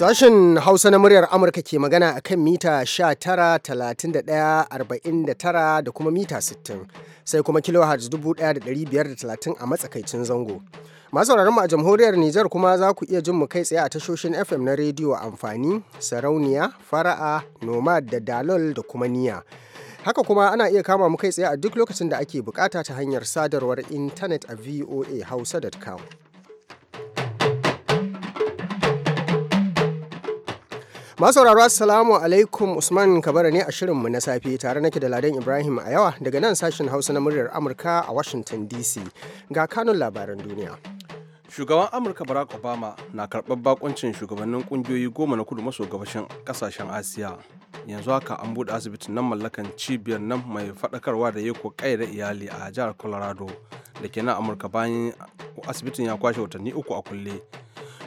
Sashen Hausa na muryar Amurka ke magana a kan mita 19,31,49 da kuma mita 60, sai kuma kilohertz 1,530 a matsakaicin zango. Masu mu a jamhuriyar Nijar kuma za ku iya jin mu kai tsaye a tashoshin FM na rediyo amfani, sarauniya, fara'a, nomad da dalol da kuma niya. Haka kuma ana iya kama mu kai tsaye a duk lokacin da ake bukata ta hanyar sadarwar intanet a VOa Hausa.com. Masauraro Assalamu alaikum Usman Kabara ne a shirinmu na safe tare nake da Ladan Ibrahim a yawa daga nan sashen Hausa na muryar Amurka a Washington DC ga kanun labaran duniya. Shugaban Amurka Barack Obama na karɓar bakuncin shugabannin ƙungiyoyi goma na kudu maso gabashin kasashen Asiya. Yanzu haka an buɗe asibitin nan mallakan cibiyar nan mai faɗakarwa da yako da iyali a jihar Colorado da ke nan Amurka bayan asibitin ya kwashe watanni uku a kulle.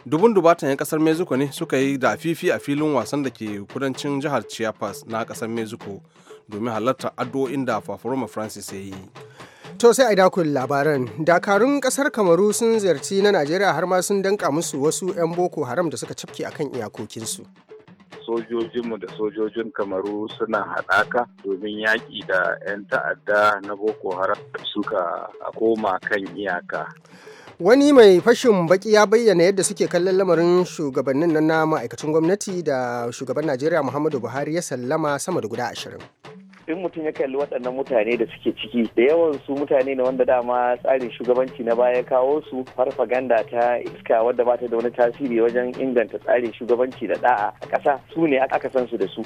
dubun dubatan 'yan kasar mexico ne suka yi da fifi a filin wasan da ke kudancin jihar chiapas na kasar mexico domin halarta addu'o'in da fafaroma francis ya yi To sai a dakun labaran, dakarun kasar Kamaru sun ziyarci na Najeriya har ma sun danka musu wasu 'yan Boko Haram da suka cafke akan iyakokinsu. Sojojinmu da sojojin Kamaru suna haɗaka domin yaƙi da 'yan ta'adda na Boko Haram suka koma kan iyaka. wani mai fashin baki ya bayyana yadda suke kallon lamarin shugabannin na ma'aikacin gwamnati da shugaban najeriya muhammadu buhari ya sallama sama da guda ashirin in mutum ya kalli waɗannan mutane da suke ciki da yawan su mutane ne wanda dama tsarin shugabanci na baya kawo su farfaganda ta iska wadda ba ta da wani tasiri wajen inganta tsarin shugabanci da da'a a ƙasa su ne aka san su da su.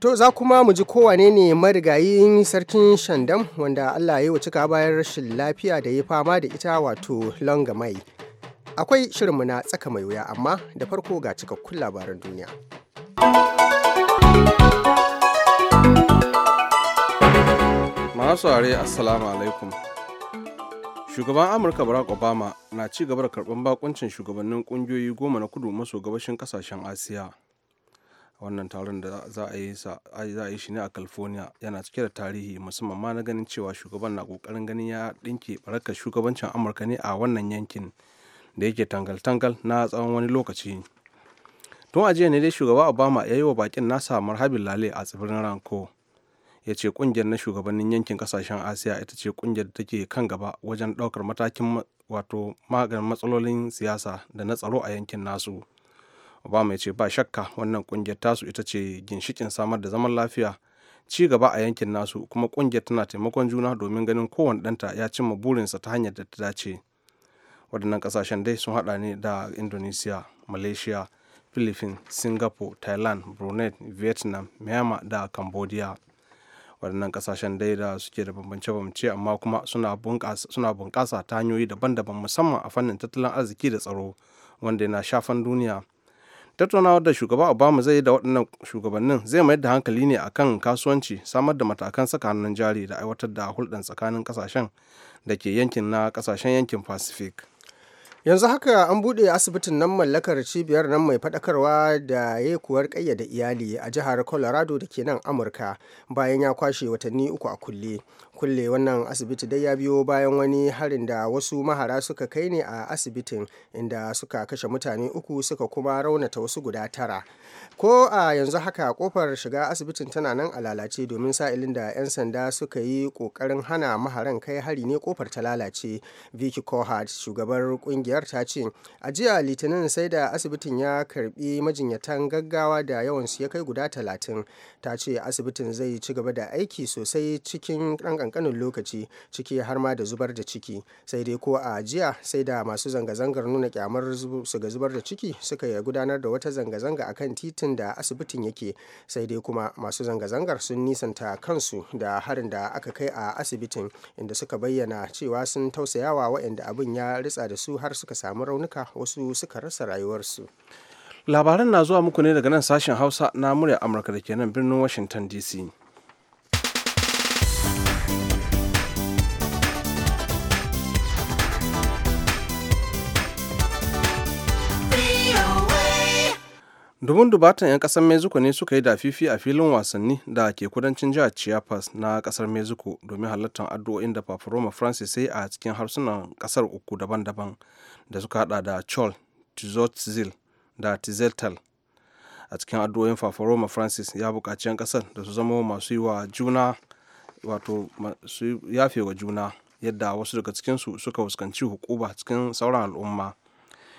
To za kuma mu ji kowane ne marigayin sarkin Shandam wanda Allah ya wuce bayan rashin lafiya da ya fama da ita wato longa mai Akwai shirinmu na tsaka mai wuya amma da farko ga cikakkun labaran duniya. masu ware assalamu alaikum shugaban amurka barack obama na ci gaba da karɓar bakuncin shugabannin kungiyoyi goma na kudu maso gabashin kasashen asiya wannan taron da za a yi shi ne a california yana cike da tarihi musamman ma na ganin cewa shugaban na kokarin ganin ya ɗinke barakar shugabancin amurka ne a wannan yankin da yake tangal-tangal na tsawon wani lokaci tun a jiya ne dai shugaba obama ya yi wa bakin nasa marhabin lale a tsibirin ranko ya ce kungiyar na shugabannin yankin kasashen asiya ita ce kungiyar da take kan gaba wajen daukar matakin wato maganin matsalolin siyasa da na tsaro a yankin nasu obama ya ce ba shakka wannan kungiyar tasu ita ce ginshikin samar da zaman lafiya ci gaba a yankin nasu kuma kungiyar tana taimakon juna domin ganin kowane danta ya cimma burinsa ta hanyar da ta dace waɗannan kasashen dai sun haɗa ne da indonesia malaysia philippines singapore thailand brunei vietnam myanmar da cambodia waɗannan ƙasashen dai da suke da bambance-bambance amma kuma suna bunƙasa ta hanyoyi daban-daban musamman a fannin tattalin arziki da tsaro wanda yana shafan duniya tattaunawar da shugaba obama zai yi da waɗannan shugabannin zai mayar da hankali ne a kan kasuwanci samar da matakan saka hannun jari da aiwatar da hulɗan tsakanin ƙasashen da ke yankin na ƙasashen yankin pacific yanzu haka an buɗe asibitin nan mallakar cibiyar nan mai faɗakarwa da ya kuwar kayyada iyali a jihar colorado da ke nan amurka bayan ya kwashe watanni uku a kulle kulle wannan asibiti dai ya biyo bayan wani harin da wasu mahara suka kai ne a asibitin inda suka kashe mutane uku suka kuma raunata wasu guda tara ko a yanzu haka kofar shiga asibitin tana nan a lalace domin sa'ilin da 'yan sanda suka yi ƙoƙarin hana maharan kai hari ne kofar ta lalace vicky cohart shugabar ƙungiyar jami'ar ta ce a jiya litinin sai da asibitin ya karbi majinyatan gaggawa da yawan su ya kai guda talatin ta ce asibitin zai ci gaba da aiki sosai cikin ɗan ƙanƙanin lokaci ciki har ma da zubar da ciki sai dai ko a jiya sai da masu zanga-zangar nuna kyamar su ga zubar da ciki suka gudanar da wata zanga-zanga a kan titin da asibitin yake sai dai kuma masu zanga-zangar sun nisanta kansu da harin da aka kai a asibitin inda suka bayyana cewa sun tausayawa waɗanda abin ya ritsa da su har suka suka samu raunuka wasu suka rasa rayuwarsu labaran na zuwa muku ne daga nan sashen hausa na murya amurka da ke nan birnin washington dc dubun dubatan 'yan kasar mexico ne suka yi dafifi a filin wasanni da ke kudancin jihar chiapas na kasar mexico domin halartar addu'o'in da roma francis sai a cikin harsunan kasar uku daban-daban da suka hada da chol tizotzil da tizeltal a cikin addu'o'in fafaroma francis ya bukaci 'yan ƙasar da su zama masu yi wa juna wato su yafe wa juna yadda wasu daga cikinsu suka fuskanci hukuba cikin sauran al'umma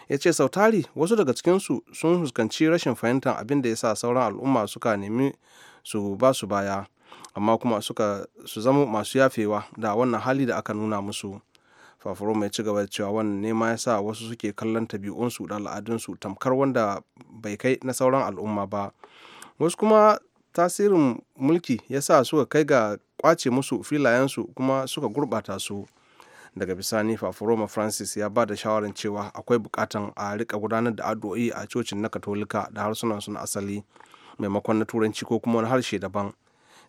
ya ce sautari wasu daga cikinsu sun fuskanci rashin fahimtar abin da ya sa sauran al'umma suka nemi su ba su baya amma kuma suka su zama masu yafewa da wannan hali da aka nuna musu fafaro mai ci gaba da cewa wannan ne ma ya sa wasu suke kallon tabi'unsu da al'adunsu tamkar wanda bai kai na sauran al'umma ba wasu kuma tasirin mulki ya sa suka kai ga kwace musu filayensu kuma suka gurbata su daga bisani faforoma francis ya ba da shawarar cewa akwai bukatan a rika gudanar da addu'o'i a cocin na katolika da harsunan na asali maimakon na turanci ko kuma wani harshe daban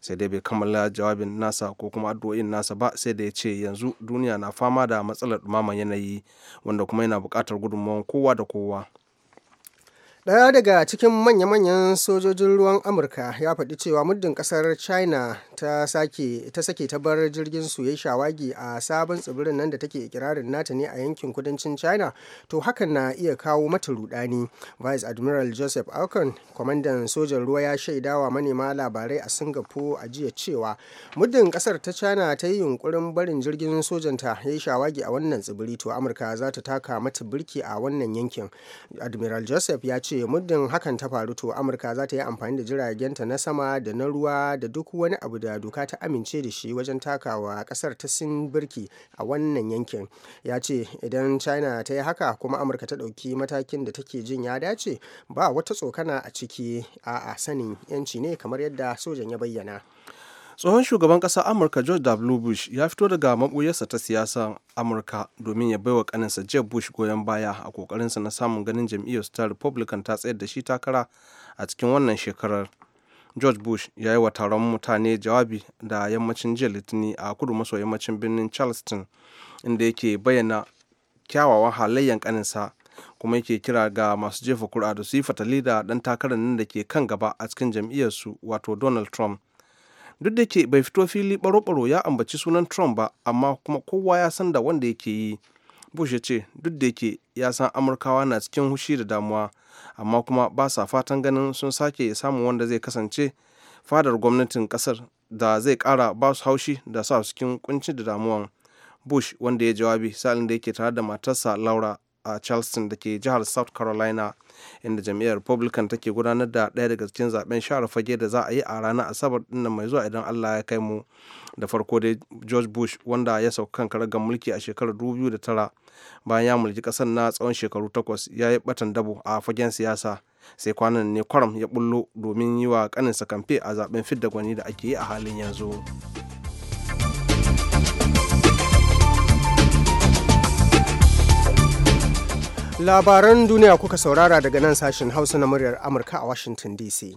sai dai bai kammala jawabin nasa ko kuma addu'o'in nasa ba sai da ya ce yanzu duniya na fama da matsalar dumaman yanayi wanda kuma yana buƙatar gudunmawar kowa da kowa daya daga cikin manya-manyan sojojin ruwan Amurka ya faɗi cewa muddin ƙasar China ta sake ta sake ta bar jirgin su ya shawagi a sabon tsibirin nan da take ikirarin nata ne a yankin kudancin China, to hakan na iya kawo mata rudani. Vice Admiral Joseph Alcon, kwamandan sojan ruwa ya shaida wa manema labarai a Singapore a jiya cewa muddin ƙasar ta China ta yi yunkurin barin jirgin sojanta ya shawagi a wannan tsibiri to Amurka za ta taka mata birki a wannan yankin. Admiral Joseph ya ce ce muddin hakan ta faru to amurka za ta yi amfani da jiragenta na sama da na ruwa da duk wani abu da doka ta amince da shi wajen takawa kasar ta sin birki a wannan yankin ya ce idan china ta yi haka kuma amurka ta ɗauki matakin da take jin ya dace ba wata tsokana a ciki a sanin yanci ne kamar yadda sojan ya bayyana tsohon shugaban ƙasar amurka george w bush ya fito daga maɓuyarsa ta siyasar amurka domin ya baiwa kaninsa jeb bush goyon baya a kokarinsa na samun ganin jam'iyyar ta republican ta tsayar da shi takara a cikin wannan shekarar george bush ya yi wa taron mutane jawabi da yammacin jiya litini a kudu maso yammacin birnin charleston inda yake bayyana kyawawan halayyar kaninsa kuma yake kira ga masu jefa kura da su yi fatali da ɗan takarar nan da ke kan gaba a cikin jam'iyyarsu wato donald trump duk da ke bai fito fili baro-baro ya ambaci sunan trump ba amma kuma kowa ya san da wanda yake yi bush ya ce duk da ke ya san amurkawa na cikin hushi da damuwa amma kuma ba sa fatan ganin sun sake samun wanda zai kasance fadar gwamnatin kasar da zai kara ba su haushi da sa cikin kunci da damuwan bush wanda ya jawabi salin da yake tare da matarsa laura a charleston da ke jihar south carolina inda jam'iyyar republican take gudanar da ɗaya daga cikin zaben share fage da za a yi a ranar asabar dinnan mai zuwa idan allah ya kai mu da farko dai george bush wanda ya sauka kan karagar mulki a shekarar 2009 bayan ya mulki ƙasar na tsawon shekaru takwas ya yi batan dabo a fagen siyasa sai kwanan ne kwaram ya bullo domin yi wa kaninsa kamfe a zaben fidda gwani da ake yi a halin yanzu. Labaran duniya kuka saurara daga nan sashen Hausa na muryar Amurka a Washington DC.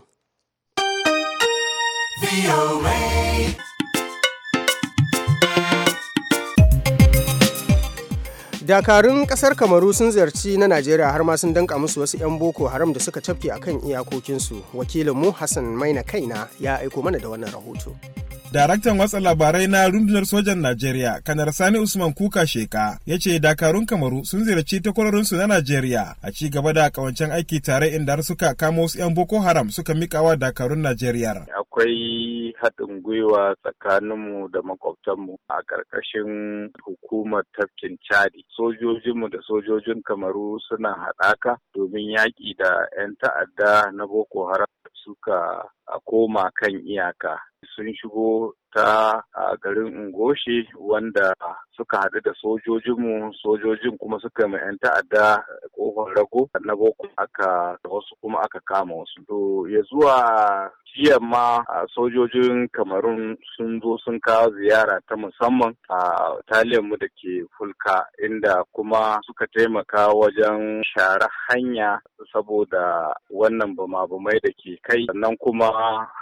dakarun ƙasar kamaru sun ziyarci na najeriya har ma sun danka musu wasu 'yan boko haram da suka cafke akan iyakokinsu wakilinmu hassan maina kaina ya aiko mana da wannan rahoto Daraktan watsa labarai na rundunar sojan Najeriya, Kanar Sani Usman Kuka Sheka, ya ce dakarun Kamaru sun ziyarci takwarorinsu na Najeriya a ci gaba da kawancen aiki tare inda har suka kama wasu 'yan Boko Haram suka mikawa dakarun Najeriya. Akwai haɗin gwiwa tsakaninmu da makwabtanmu a ƙarƙashin hukumar tafkin Chadi. Sojojinmu da sojojin Kamaru suna haɗaka domin yaƙi da 'yan ta'adda na Boko Haram. suka koma kan iyaka sun shigo ta garin Ungoshi wanda suka haɗu da sojojinmu sojojin kuma suka mai 'yan ta'adda kofar rago na boko aka da wasu kuma aka kama wasu. To ya zuwa jiya ma sojojin kamarun sun zo sun kawo ziyara ta musamman a mu da ke fulka inda kuma suka taimaka wajen share hanya saboda wannan bama-bamai da ke kai sannan kuma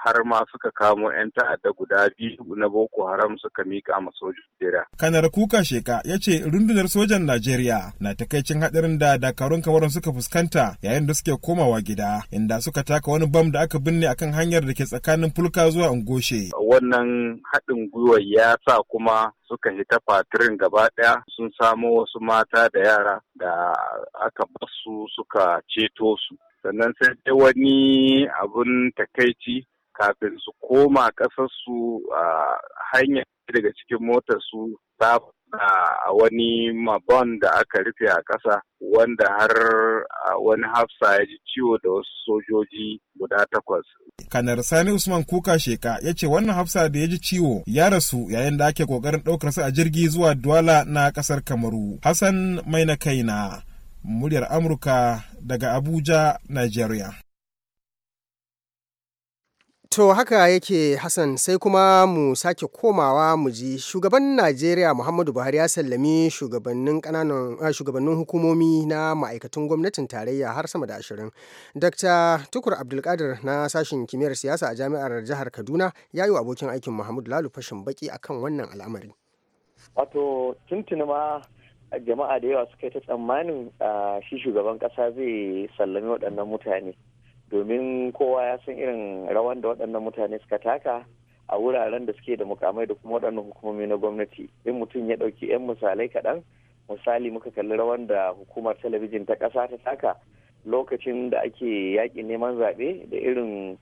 har ma suka kamo 'yan ta'adda guda biyu na Boko Haram suka mika ma sojin Najeriya. Kanar Kuka Sheka ya ce rundunar sojan Najeriya na takaicin haɗarin da dakarun kamarun suka fuskanta yayin da suke komawa gida inda suka taka wani bam da aka binne akan hanyar da ke tsakanin Fulka zuwa ungoshe. Wannan haɗin gwiwa ya sa kuma suka hita fatirin gaba ɗaya sun samo wasu mata da yara da aka basu suka ceto su. sannan sai dai wani abun takaici kafin su koma ƙasarsu a hanyar daga cikin motar su ta a wani mabon da aka rufe a ƙasa wanda har wani hafsa ya ji ciwo da wasu sojoji guda takwas. kanar sani usman kuka sheka ya ce wannan hafsa da ya ji ciwo ya rasu yayin da ake kokarin ɗaukar su a jirgi zuwa duwala na ƙasar kamaru hassan mai na kaina muryar amurka daga abuja nigeria To haka yake Hassan sai kuma mu sake komawa mu ji shugaban Najeriya Muhammadu Buhari ya sallami shugabannin hukumomi na ma'aikatan gwamnatin tarayya har sama da ashirin. Dr. Tukur Abdulkadir na sashen kimiyyar siyasa a jami'ar jihar Kaduna ya yi abokin aikin Muhammadu Lalu fashin baki akan wannan al'amari. Wato tuntuni ma jama'a da yawa suka yi ta tsammanin shi shugaban ƙasa zai sallami waɗannan mutane. domin kowa ya san irin rawan da waɗannan mutane suka taka a wuraren da suke da mukamai da kuma waɗannan hukumomi na gwamnati in mutum ya ɗauki 'yan misalai kaɗan misali muka kalli rawan da hukumar talabijin ta ƙasa ta taka lokacin da ake yaƙi neman zaɓe da irin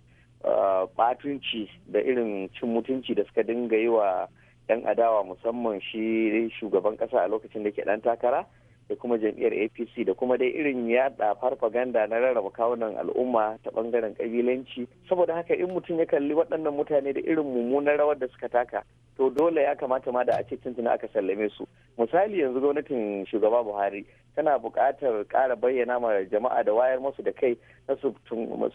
ɓatunci da irin cin mutunci da suka dinga yi wa 'yan adawa musamman shi shugaban ƙasa a lokacin da ke ɗan takara da kuma jam'iyyar apc da kuma dai irin yada farfaganda na rarraba kawunan al'umma ta bangaren kabilanci saboda haka in mutum ya kalli waɗannan mutane da irin mummunar rawar da suka taka to dole ya kamata ma da a ce tuntuna aka sallame su misali yanzu gwamnatin shugaba buhari tana buƙatar ƙara bayyana ma jama'a da wayar musu da kai na su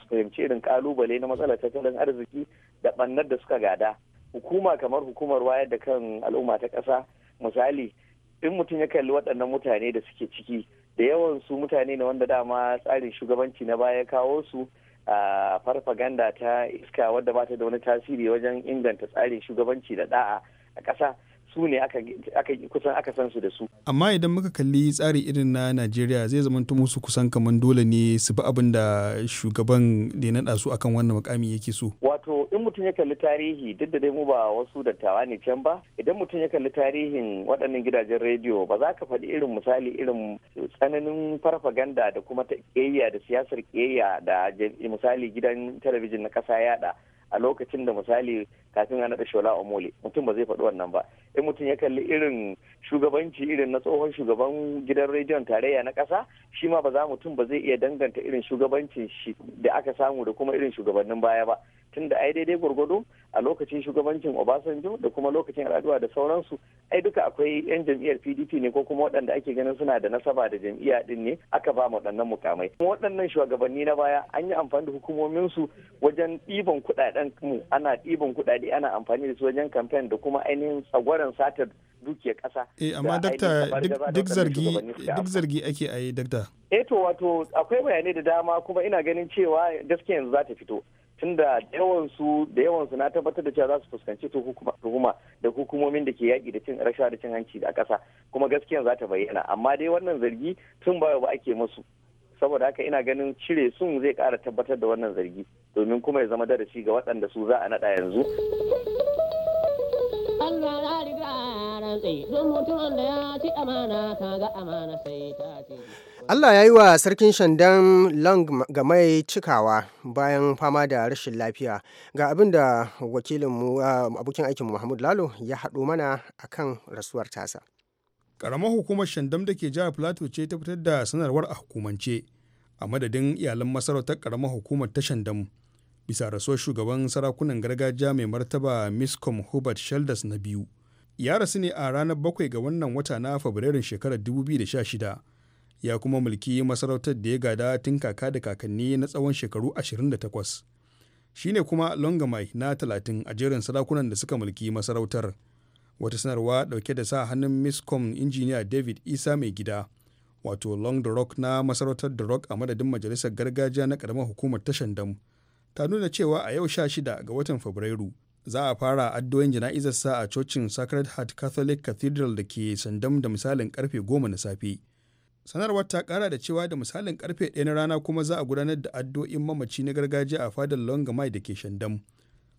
fahimci irin ƙalubale na matsalar tattalin arziki da ɓannar da suka gada hukuma kamar hukumar wayar da kan al'umma ta ƙasa misali in mutum ya kalli waɗannan mutane da suke ciki da yawan su mutane ne wanda dama tsarin shugabanci na baya kawo su a farfaganda ta iska wadda ba ta da wani tasiri wajen inganta tsarin shugabanci da da'a a ƙasa su ne aka kusan aka san su da su amma idan muka kalli tsari irin na Najeriya zai zamanta musu kusan kamar dole ne su bi abin da shugaban da ya naɗa su akan wannan mukami yake so wato in mutum ya kalli tarihi duk da dai mu ba wasu dattawa ne can ba idan mutum ya kalli tarihin waɗannan gidajen rediyo ba za ka faɗi irin misali irin tsananin farfaganda da kuma ta da siyasar ƙeya da misali gidan talabijin na ƙasa yaɗa a lokacin da misali kafin a naɗa shola omole mutum ba zai faɗi wannan ba in mutum ya kalli irin shugabanci irin na tsohon shugaban gidan rediyon tarayya na ƙasa shi ma ba za mutum ba zai iya danganta irin shugabancin shi da aka samu da kuma irin shugabannin baya ba tunda ai daidai gwargwado a lokacin shugabancin obasanjo da kuma lokacin raduwa da sauransu ai duka akwai yan jam'iyyar pdp ne ko kuma waɗanda ake ganin suna da nasaba da jam'iyya din ne aka ba mu waɗannan mukamai kuma waɗannan shugabanni na baya an yi amfani da hukumominsu wajen ɗiban kuɗaɗen mu ana ɗiban kuɗaɗe ana amfani da su wajen kamfen da kuma ainihin tsagwaron satar dukiyar ƙasa. Eh amma dakta duk zargi duk zargi ake a yi dakta. Eh to wato akwai bayanai da dama kuma ina ganin cewa gaskiya yanzu za ta fito. tunda da su da yawansu na tabbatar da cewa za su fuskanci tuhuma da hukumomin da ke yaƙi da cin rashawa da cin hanci a ƙasa kuma gaskiyan za ta bayyana amma dai wannan zargi tun ba ba ake musu saboda haka ina ganin cire sun zai ƙara tabbatar da wannan zargi domin kuma ya zama darasi ga waɗanda su za a naɗa yanzu. Allah ya yi wa sarkin shandan Long mai cikawa bayan fama da rashin lafiya ga abin da wakilinmu abokin aikin muhammadu Lalo ya haɗo mana a kan rasuwar tasa. Ƙaramar hukumar shandam da ke jihar Plateau ce ta fitar da sanarwar a hukumance a madadin iyalan masarautar ƙaramar hukumar ta shandam. bisa rasuwar shugaban sarakunan gargajiya mai martaba miscom hubert shelders na biyu ya rasu ne a ranar bakwai ga wannan wata na fabrairun shekarar 2016 ya kuma mulki masarautar da ya gada tun kaka da kakanni na tsawon shekaru 28 shine kuma longamai na 30 a jerin sarakunan da suka mulki masarautar wata sanarwa dauke da sa hannun miscom injiniya david isa mai gida wato long the rock na masarautar the rock a madadin majalisar gargajiya na karamar hukumar tashan damu. ta nuna cewa a yau 16 ga watan Fabrairu za a fara addu'o'in sa a cocin Sacred Heart Catholic Cathedral da ke Sandam da misalin karfe 10 na safe. Sanarwar ta kara da cewa da misalin karfe 1 na rana kuma za a gudanar da addu'o'in mamaci na gargajiya a fadar Longamai da ke Shandam.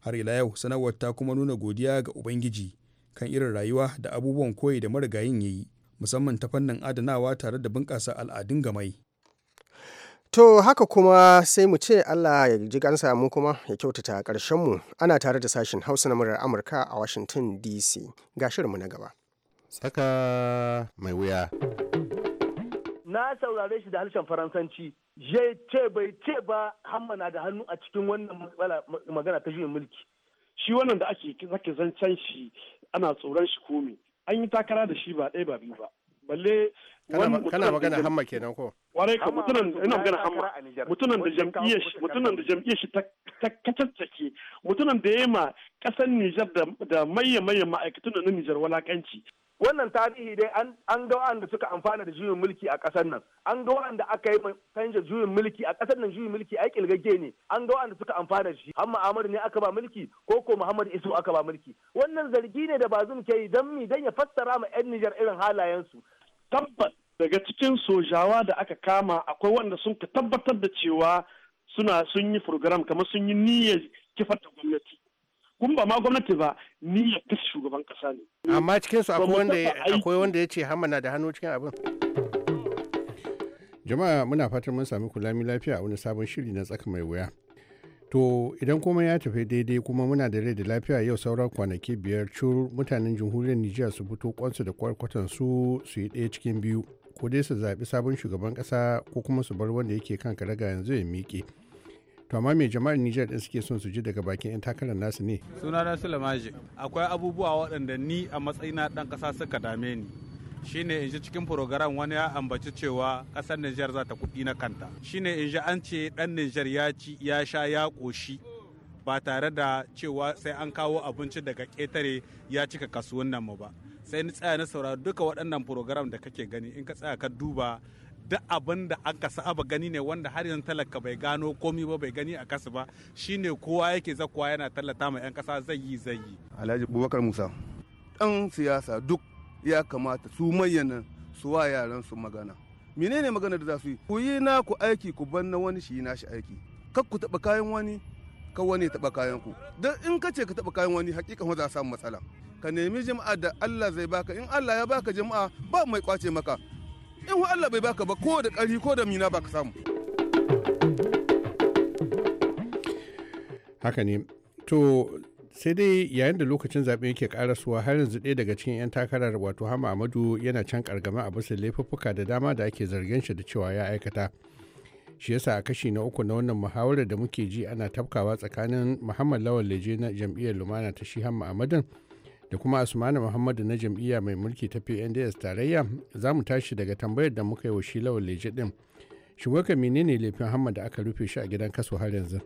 Har ila yau sanarwar ta kuma nuna godiya ga Ubangiji kan irin rayuwa da abubuwan koyi da marigayin yayi musamman ta fannin adanawa tare da bunƙasa al'adun gamai. To haka kuma sai mu ce Allah ya ji gansa mu kuma ya kyautata mu ana tare da sashen Hausa na murar Amurka a Washington DC. Ga shirinmu na gaba. Tsaka mai wuya. Na saurare shi da harshen Faransanci, je ce bai ce ba hammana da hannu a cikin wannan magana ta juyin mulki. Shi wannan da ake zake zancen shi ana tsoron shi komi. An yi takara da shi ba ɗaya ba biyu ba. balle kana magana hamma kenan ko warai ka mutunan ina magana hamma mutunan da jam'iyyar shi mutunan da jam'iyyar shi ta kacaccake mutunan da yayi ma kasar Nijar da maye maye ma'aikatan na Nijar walakanci wannan tarihi dai an ga waɗanda suka amfana da juyin mulki a ƙasar nan an ga waɗanda aka yi canja juyin mulki a ƙasar nan juyin mulki ai kilgagge ne an ga waɗanda suka amfana da shi amma Ahmadu ne aka ba mulki ko ko Muhammad Isu aka ba mulki wannan zargi ne da bazum ke yi dan mi dan ya fassara ma 'yan Nijar irin halayensu tabbat daga cikin sojawa da aka kama akwai wanda sun ka tabbatar da cewa suna sun yi program kamar sun yi niyyar kifar da gwamnati kun ba ma gwamnati ba niyyar ta shugaban kasa ne amma cikin su akwai wanda ya ce hamana da hannu cikin abin jama'a muna fatan mun sami kulami lafiya a wani sabon shiri na tsaka mai wuya To idan kuma ya tafi daidai kuma muna da rai da lafiya yau sauran kwanaki biyar cur mutanen jamhuriyar Nijar su fito kwansu da kwarkwatan su su yi ɗaya cikin biyu ko dai su zaɓi sabon shugaban ƙasa ko kuma su bar wanda yake kan karaga yanzu ya miƙe. to amma me jama'ar Nijar din suke son su ji daga bakin 'yan takarar nasu ne suna na akwai abubuwa waɗanda ni a matsayina ɗan ƙasa suka dame ni shine in ji cikin program wani ya ambaci cewa kasar Nijar za ta kuɗi na kanta shine in ji an ce dan Nijar ya ci ya sha ya ƙoshi ba tare da cewa sai an kawo abinci daga ƙetare ya cika kasuwannan mu ba sai ni tsaya na saurari duka waɗannan program da kake gani in ka tsaya ka duba duk abin da aka saba gani ne wanda har yanzu talaka bai gano komi ba bai gani a kasu ba shine kowa yake zakuwa yana tallata ma 'yan kasa zai yi zai yi alhaji bubakar musa dan siyasa duk ya kamata su manyan nan su wa yaran su magana menene magana da za su yi ku yi na ku aiki ku ban na wani shi na shi aiki kak ku taba kayan wani ka wani taba kayan ku dan in ka ce ka taba kayan wani hakikan za a samu matsala ka nemi jama'a da Allah zai baka in Allah ya baka jama'a ba mai kwace maka in wa Allah bai baka ba ko da ƙari ko da mina baka samu haka ne to sai dai yayin da lokacin zaɓe yake karasuwa har yanzu ɗaya daga cikin 'yan takarar wato hama amadu yana can kargama a bisa laifuffuka da dama da ake zargin shi da cewa ya aikata shi yasa a kashi na uku na wannan muhawarar da muke ji ana tafkawa tsakanin muhammad lawal leje na jam'iyyar lumana ta shi hama amadun da kuma asmanu muhammadu na jam'iyya mai mulki ta pnds tarayya za mu tashi daga tambayar da muka yi wa shi lawal leje din shin menene laifin hama da aka rufe shi a gidan kaso har yanzu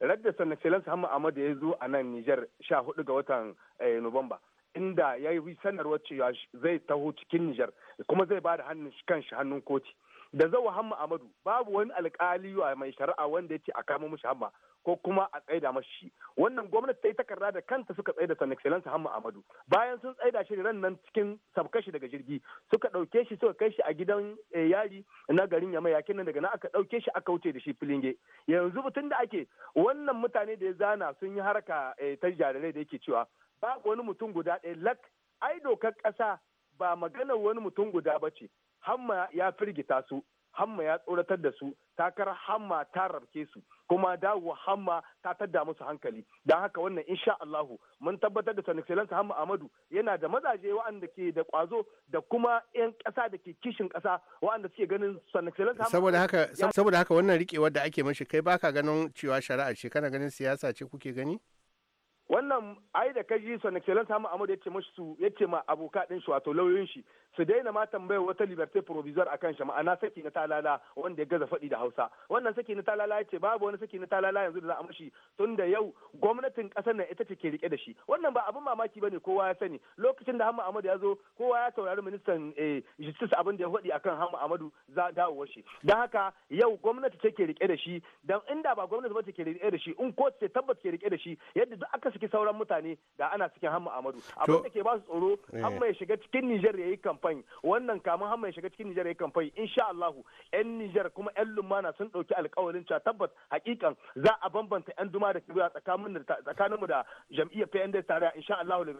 radda sannan excellence hamma amadu ya zo a nan nijar sha hudu ga watan eh, nuwamba inda ya yi sanarwar cewa zai taho cikin nijar kuma zai bada da hannun kanshi hannun koti da zawa hamma amadu babu wani alkali mai shari'a wanda ya ce a kama mushi hamma ko kuma a tsaida mashi shi wannan gwamnati ta yi takarda da kanta suka tsaida san excellence hamma amadu bayan sun tsaida shi ran nan cikin sabkashi daga jirgi suka dauke shi suka kai shi a gidan eh, yari na garin yamai yakin nan daga nan aka dauke shi aka wuce da shi filinge yanzu tun da ake wannan mutane da ya zana sun yi haraka eh, ta jarirai da yake cewa babu wani mutum guda ɗaya lak ai dokar ƙasa ba maganar wani mutum guda ba ce hamma ya firgita su hamma ya tsoratar da su takar hamma ta rabke su kuma dawo hamma ta tadda musu hankali don haka wannan insha Allahu mun tabbatar da son excellence hamma Amadu yana da mazaje wa'anda ke da kwazo da kuma 'yan kasa da ke kishin kasa wa'anda suke ganin son excellence hamma saboda haka saboda haka wannan rikewar da ake mashi kai baka ganin cewa shari'a ce kana ganin siyasa ce kuke gani wannan ai da kaji son excellence hamma amadu yace su yace ma abokadin shi wato lauyoyin shi su daina ma tambayar wata liberté provisoire akan shi ma'ana saki na talala wanda ya gaza faɗi da Hausa wannan saki na talala ce babu wani saki na talala yanzu da za a mashi tun da yau gwamnatin ƙasar nan ita ce ke rike da shi wannan ba abin mamaki ne kowa ya sani lokacin da Hamma Ahmadu ya zo kowa ya saurari ministan eh, justice abin da ya faɗi akan Hamma Ahmadu za dawo shi don haka yau gwamnati ce ke rike da shi dan inda ba gwamnati ba ce ke rike da shi in ko ce tabbata ke rike da shi yadda duk aka saki sauran mutane da ana cikin Hamma Ahmadu abin da ke ba su tsoro Hamma ya shiga cikin ya yi kam kamfani wannan kamun hamma ya shiga cikin Nijar ya kamfani insha allahu yan Nijar kuma yan lumana sun dauki alkawalin cewa tabbas hakikan za a bambanta yan duma da kibiya tsakanin tsakaninmu da jam'iyyar PND tare insha Allahu da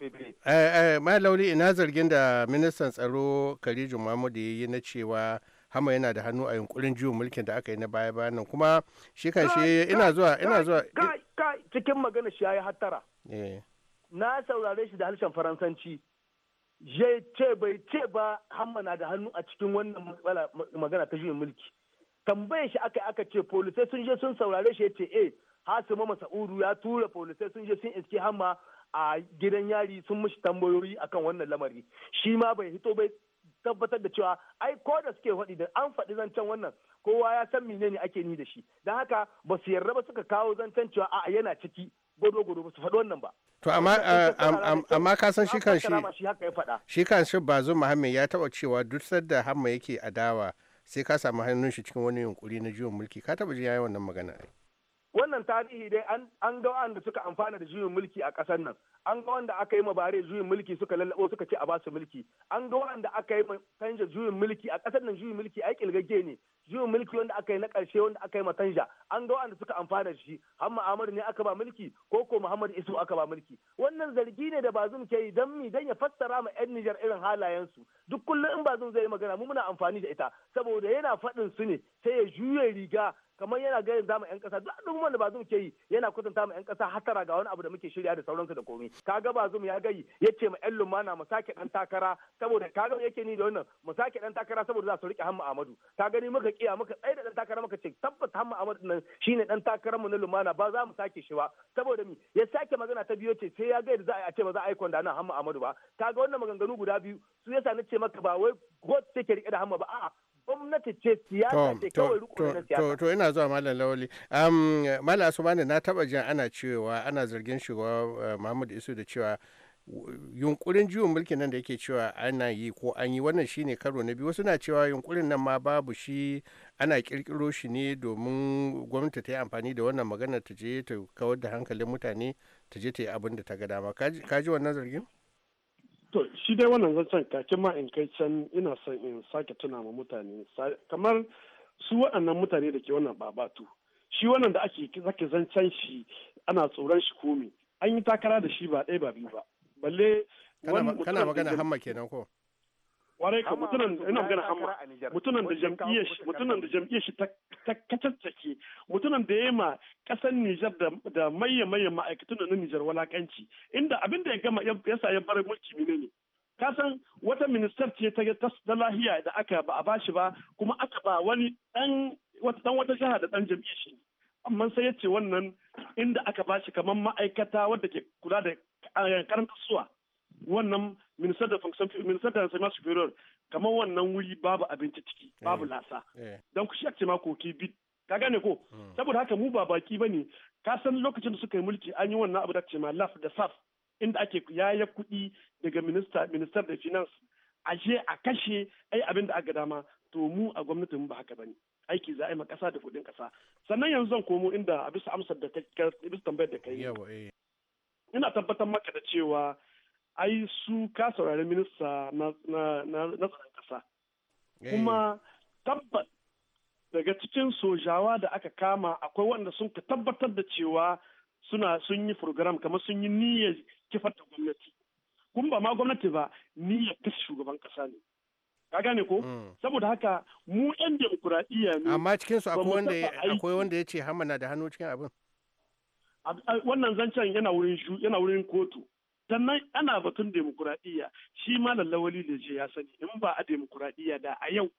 eh, eh, ma lauli ina zargin da ministan tsaro Kariju Mahmudu ya yi na cewa hama yana da hannu a yunkurin juyin mulkin da aka yi na baya bayan nan kuma shi kan shi ina zuwa ina zuwa cikin magana shi yayi hattara eh. na saurare shi da harshen faransanci ya ce bai ce ba hamma na da hannu a cikin wannan magana ta juyin mulki tambayar shi aka aka ce polisai sun je sun saurare shi ya ce eh hasima masa'udu ya tura polisai sun je sun iske hamma a gidan yari sun mishi tambayoyi akan wannan lamari shi ma bai hito bai tabbatar da cewa ai ko da suke faɗi da an faɗi zancen wannan kowa ya san menene ake ni da shi don haka ba su yarda ba suka kawo zancen cewa a'a yana ciki gwado gwado ba su faɗi wannan ba to amma ah, ka san shi kan shi kan shi muhammed ya taɓa cewa duk sadda hamma yake adawa sai ka samu hannun shi cikin wani yunkuri na juyin mulki ka taɓa jin yayi wannan magana wannan tarihi dai an ga waɗanda suka amfana da juyin mulki a ƙasar nan an ga wanda aka yi ma bare juyin mulki suka lallabo suka ce a ba su mulki an ga wanda aka yi tanja juyin mulki a kasar nan juyin mulki ai kilgage ne juyin mulki wanda aka yi na karshe wanda aka yi ma tanja an ga wanda suka amfana shi har amadu ne aka ba mulki ko ko Muhammad Isu aka ba mulki wannan zargi ne da bazum ke yi dan mi dan ya fassara ma yan Nijar irin halayen su duk kullum in bazum zai yi magana mu muna amfani da ita saboda yana faɗin su ne sai ya juye riga kamar yana gayin zama yan kasa duk duk wanda bazum ke yi yana kusanta ma yan kasa hatara ga wani abu da muke shirya da sauransu da komai kaga bazum ya gayi yace ma yan lumana mu sake dan takara saboda kaga yake ni da wannan mu sake dan takara saboda za su rike hamma Ahmadu ka gani muka kiya muka tsaye da dan takara muka ce tabbata hamma Ahmadu nan shine dan takarar mu na lumana ba za mu sake shi ba saboda mi ya sake magana ta biyo ce sai ya da za a ce ba za a yi kwanda nan hamma Ahmadu ba kaga wannan maganganu guda biyu su yasa nace maka ba wai ko take rike da hamma ba a'a gwamnati ce siyasa ce kawai na siyasa to ina zuwa malam lawali um malam Asubani na taba jin ana cewa ana zargin shugaba eh, Muhammadu Isu da cewa yunkurin juyin mulki nan da yake cewa ana yi ko an yi wannan shine karo na biyu wasu na cewa yunkurin nan ma babu shi ana kirkiro shi ne domin gwamnati ta yi amfani da wannan magana ta je ta kawar da hankalin mutane ta je ta yi abin da ta ga dama Ka ji wannan zargin To shi dai wannan zancen kake ma in kai can ina son in sake tuna ma mutane kamar su waɗannan mutane da ke wannan babatu shi wannan da ake zake zancen shi ana tsoron shi komi an yi takara da shi ba ɗaya ba biyu ba balle kana magana hamma kenan ko warai ka mutunan ina magana amma mutunan da jam'iyyar shi mutunan da jam'iyyar shi ta kacaccake mutunan da yayi ma kasar Nijar da maye maye ma'aikatan na Nijar walakanci inda abin da ya gama yasa ya bar mulki menene ka san wata ministar ce ta ta lahiya da aka ba a bashi ba kuma aka ba wani dan wata dan wata jaha da dan jam'iyyar shi amma sai ya ce wannan inda aka bashi kamar ma'aikata wadda ke kula da eh, karantar suwa wannan minister da fonction minister da Masu superior kamar wannan wuri babu abinci ciki babu eh, lasa eh. dan ku shi ma koki bit ka gane ko hmm. saboda haka mu ba baki bane ka san lokacin da suka yi mulki an yi wannan abu da ce ma laf da saf inda ake yaya kuɗi daga minista minister da finance je a kashe ai abin da aka dama to mu a gwamnatin ba haka bane aiki za a yi ma kasa da kuɗin kasa sannan yanzu zan komo inda a bisa amsar da bisa tambayar da kai eh. ina tabbatar maka da cewa ai su ka saurari minista na tsaron ƙasa. Eh. Kuma tabbat daga cikin sojawa da aka kama akwai wanda sun ka tabbatar da cewa suna sun yi program kamar sun yi niyyar kifar da gwamnati. Kun ba ma gwamnati ba niyyar kashe shugaban ƙasa ne. Ka gane ko? Hmm. Saboda haka mu ɗan demokuraɗiyya ne. Amma cikinsu akwai wanda ya ce hamana da hannu cikin abin. Wannan zancen yana wurin kotu. sannan ana batun demokuraɗiyya shi ma lallawali da je ya sani in ba a demokuraɗiyya da a yau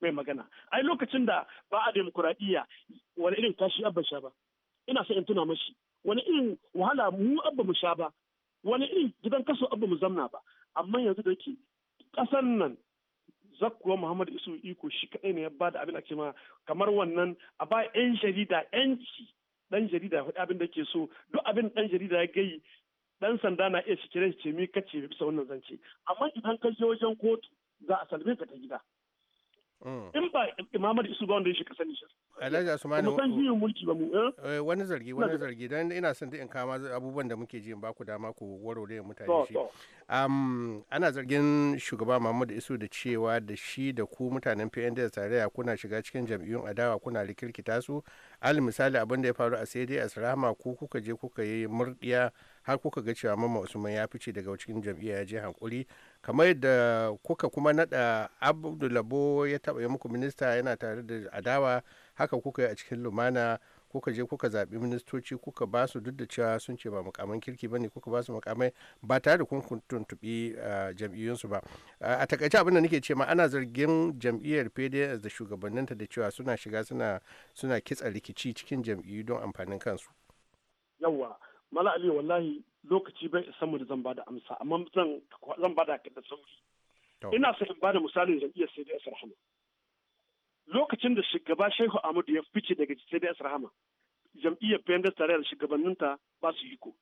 mai magana ai lokacin da ba a demokuraɗiyya wani irin tashi abba sha ba ina so in tuna mashi wani irin wahala mu abba mu sha ba wani irin gidan kaso abba mu zamna ba amma yanzu da ke ƙasan nan zakuwa muhammad isu iko shi kaɗai ne ya ba da abin ake ma kamar wannan a ba 'yan jarida 'yanci dan jarida faɗi abin da ke so duk abin dan jarida ya gai dan sanda na iya cire shi ce mi kace bisa wannan zance amma idan ka je wajen kotu za a salme ka ta gida mm. in ba imamar isu ba wanda ya shiga sani shi alhaji asumani kuma san mulki ba mu eh? Eh, wani zargi wani zargi dan ina son in kama abubuwan da muke ji in ba ku dama ku da mutane shi ana zargin shugaba Muhammadu Isu da cewa da shi da ku mutanen da tarayya kuna shiga cikin jam'iyyun adawa kuna rikirkita su al misali abin da ya faru a sai dai asrama ku kuka je kuka yi murdiya har kuka ga cewa mamman usman ya fice daga cikin jam'iyya ya je hankuri kamar yadda kuka kuma nada abdulabo ya taba yi muku minista yana tare da adawa haka kuka yi a cikin lumana kuka je kuka zaɓi ministoci kuka ba su duk da cewa sun ce ba mukaman kirki ba ne kuka ba su mukamai ba tare da kun tuntuɓi ah, jam'iyyunsu ba ah, a takaice abin da nake ce ma ana zargin jam'iyyar pds da shugabanninta da cewa suna shiga suna suna kitsa rikici cikin jam'iyyu don amfanin kansu yawwa mala ali wallahi lokaci bai isa mu da zan bada amsa amma zan zan bada ka da sauri ina so in bada misalin jam'iyyar sai da rahama lokacin da shugaba shehu amadu ya fice daga sai da rahama jam'iyyar bendar tare da shugabanninta ba su iko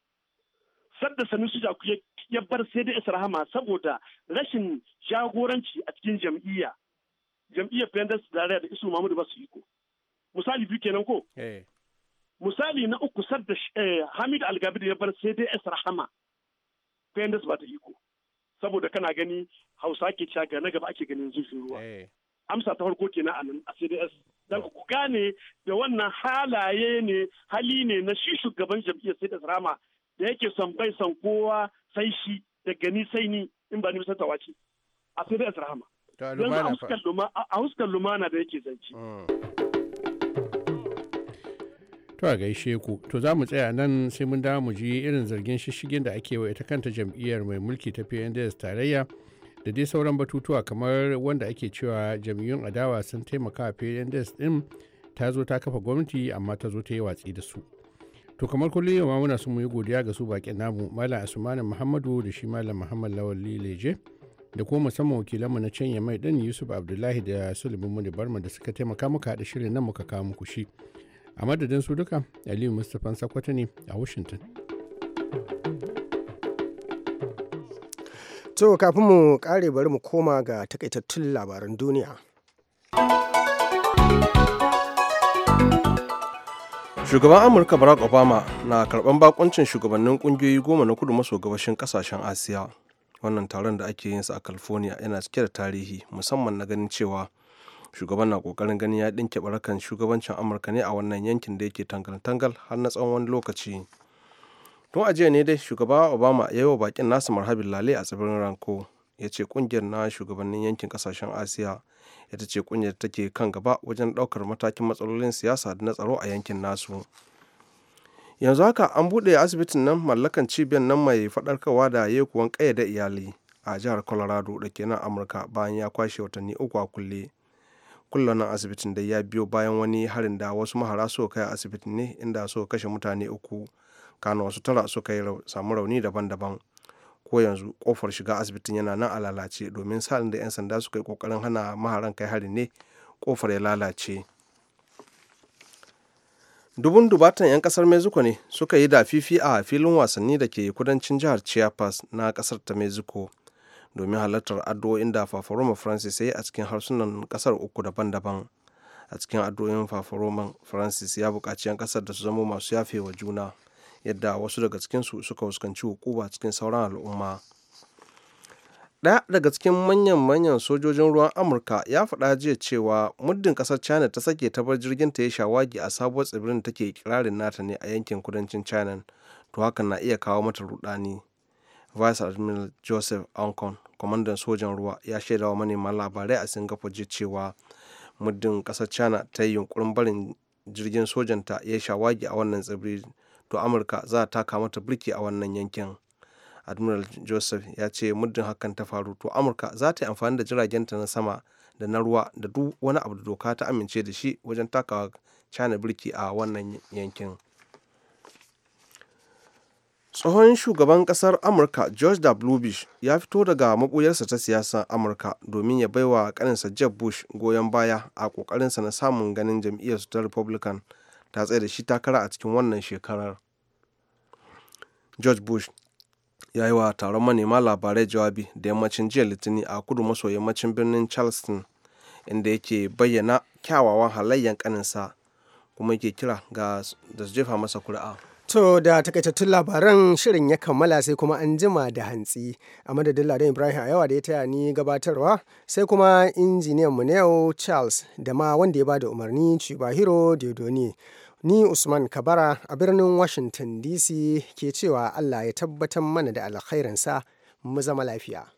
sadda su jaku ya bar sai da rahama saboda rashin jagoranci a cikin jam'iyya jam'iyyar bendar tare da isu mamudu ba su iko misali biyu kenan ko eh. misali na uku sadda eh, hamid algabir ya bar sai dai rahama fayandas ba ta iko saboda kana gani hausa ke cewa ga na gaba ake ganin zurfin ruwa eh. amsa ta farko kenan a nan a cds dan ku gane da wannan halaye ne hali ne na shi shugaban jam'iyyar cds rama da yake son bai son kowa sai shi da gani sai ni in ba ni bisa tawaci a cds rama yanzu a huskan lumana da yake zance. Mm. To a gaishe ku, to za mu tsaya nan sai mun dawo mu ji irin zargin shishigin da ake wa ita kanta jam'iyyar mai mulki ta PNDS tarayya da dai sauran batutuwa kamar wanda ake cewa jam'iyyun adawa sun taimaka wa PNDS din ta zo ta kafa gwamnati amma ta zo ta yi watsi da su. To kamar kullum yau muna so mu yi godiya ga su bakin namu Malam Asmanu Muhammadu da shi Malam Muhammad Lawal Lileje da kuma musamman wakilanmu na can mai din Yusuf Abdullahi da Sulaiman Mudi Barma da suka taimaka muka haɗa shirin nan muka kawo muku shi. a madadin su duka aliyu mustapha sakwata ne a washington to kafin mu kare bari mu koma ga takaitattun labaran duniya shugaban amurka barack obama na karban bakuncin shugabannin kungiyoyi goma na kudu maso gabashin kasashen asiya wannan taron da ake yin sa a california yana cike da tarihi musamman na ganin cewa shugaban na kokarin ganin ya ɗinke barakan shugabancin amurka ne a wannan yankin da yake tangal-tangal har na tsawon wani lokaci tun a jiya ne dai shugaba obama ya yi wa bakin nasu marhabin lale a tsibirin ranko ya ce kungiyar na shugabannin yankin kasashen asiya ita ce kungiyar da take kan gaba wajen daukar matakin matsalolin siyasa da na tsaro a yankin nasu yanzu haka an buɗe asibitin nan mallakan cibiyar nan mai faɗarkarwa da yekuwan ƙayyade iyali a jihar colorado da ke nan amurka bayan ya kwashe watanni uku a kulle kulle nan asibitin da ya biyo bayan wani harin da wasu mahara suka kai a asibitin ne inda suka kashe mutane uku kano wasu tara suka yi samu rauni daban-daban ko yanzu kofar shiga asibitin yana nan a lalace domin salin da 'yan sanda suka yi kokarin hana maharan kai harin ne kofar ya lalace dubun dubatan 'yan kasar mexico ne suka yi da fifi a filin wasanni da ke kudancin jihar chiapas na kasar ta mexico domin halartar addu'o'in da fafaroma francis ya yi a cikin harsunan kasar uku daban-daban a cikin addu'o'in fafaroman francis ya buƙaci 'yan kasar da su zama masu yafe wa juna yadda wasu daga cikinsu suka fuskanci hukuma cikin sauran al'umma ɗaya daga cikin manyan manyan sojojin ruwan amurka ya faɗa jiya cewa muddin ƙasar china ta sake ta jirgin ta ya shawagi a sabuwar tsibirin take kirarin nata ne a yankin kudancin china to hakan na iya kawo mata rudani vice admiral joseph kong. kwamandan sojan ruwa ya shaidawa manema labarai a singapore ji cewa muddin kasar china ta yi yunkurin barin jirgin sojanta ya shawagi a wannan tsibiri to amurka za ta taka mata birki a wannan yankin admiral joseph ya ce muddin hakan ta faru to amurka za ta yi amfani da jiragenta na sama da na ruwa da duk wani abu da doka ta amince da shi wajen takawa china birki a wannan yankin tsohon shugaban kasar amurka george w bush ya fito daga maɓuyarsa ta siyasar amurka domin ya baiwa kaninsa jeb bush goyon baya a ƙoƙarinsa na samun ganin jam'iyyarsu ta republican ta tsaye da shi takara a cikin wannan shekarar george bush ya yi wa taron manema labarai jawabi da yammacin jiya litinin a kudu maso yammacin birnin charleston inda yake bayyana kyawawan halayyar kaninsa kuma yake kira ga da su jefa masa kuri'a. To da takaitattun labaran shirin ya kammala sai kuma an jima da hantsi a madadin Ladan Ibrahim a yawa da ya taya ni gabatarwa sai kuma injiniyan mu yau Charles da ma wanda ya ba da umarni Chibahiro Diodoni. Ni Usman Kabara a birnin Washington DC ke cewa Allah ya tabbatar mana da alkhairinsa mu zama lafiya.